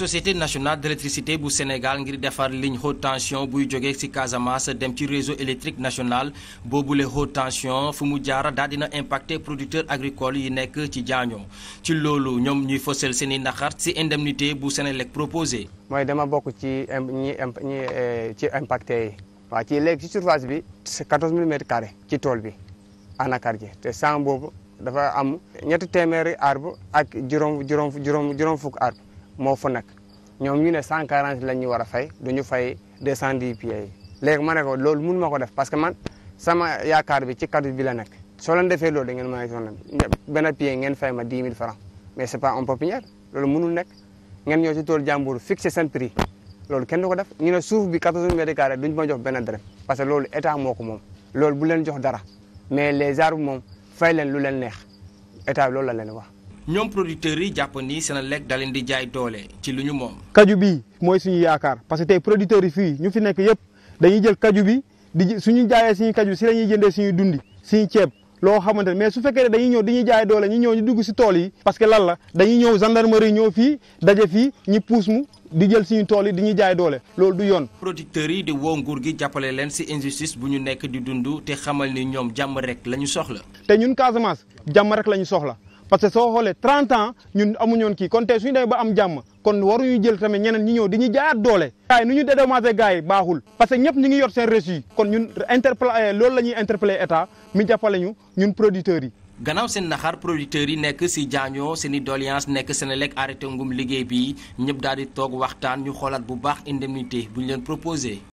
société nationale d'électricité bu Sénégal ngir defar ligne haute tension buy jógee ci Casamance dem ci réseau électrique national boobule haute tension fu mu jaara daal dina impacter producteurs agricoles yi nekk ci jaañoo ci loolu ñoom ñuy fësal seen i naqar ci indemnité bu Sénélec proposé. mooy dama bokk ci ñi ñi eh, ci impacté yi. waaw ci léegi ci surface bi c'est 14 000 mètres ci tool bi anacardier te sang boobu dafa am ñetti téeméeri arbre ak juróom juróom juróom juróom fukk arbre moo fa nekk ñoom ñu ne cent quarante lañ ñu war a fay du ñu fay des cent dix pieds yi ma ne ko loolu mun ma ko def parce que man sama yaakaar bi ci kaddu bi la nekk soo leen defee loolu da ngeen mën a sonal benn fay ma dix mille francs mais c'est pas en pépinière loolu mënul nekk ngeen ñëw ci tool jàmbur fixé seen prix loolu kenn du ko def ñu ne suuf bi quatorze mètres carrés duñ ma jox benn dërëm parce que loolu état moo ko moom loolu bu leen jox dara mais les arbres moom fay leen lu leen neex état loolu la leen wax ñoom producteurs yi jàpp nii ni Senelec da leen di jaay doole ci lu ñu moom. kaju bi mooy suñu yaakaar parce que tey producteurs yi fii ñu fi nekk yëpp dañuy jël kaju bi di suñu jaayee suñu kaju si la ñuy jëndee suñu dundi suñu ceeb loo xamante mais su fekkee dañuy ñëw dañuy jaay doole ñu ñëw ñu dugg si tool yi. parce que lan la dañuy ñëw gendarmerie ñëw fii daje fii ñi puus mu di jël suñu tool yi di ñu jaay doole loolu du yoon. producteurs yi di woo nguur gi jàppale leen si injustice bu ñu nekk di dund te xamal ni ñoom jàmm rek la ñu soxla. te ñun Casamance jàmm rek la ñu soxla parce que soo xoolee 30 ans ñun amuñoon kii kon tey suñu demee ba am jàmm kon waruñu jël tamit ñeneen ñi ñëw di ñu jaayaat doole. gars yi nu ñu dédommagé gars yi baaxul parce que ñëpp ñu ngi yor seen reçu kon ñun interpellé eh, loolu la ñuy interpellé état mi jàppale ñu ñun producteurs yi. gannaaw seen naxar producteurs yi nekk si jaañoo seen i doléance nekk Senelec arrêté ngum liggéey bi ñëpp daal di toog waxtaan ñu xoolaat bu baax indemnité bu ñu leen proposé.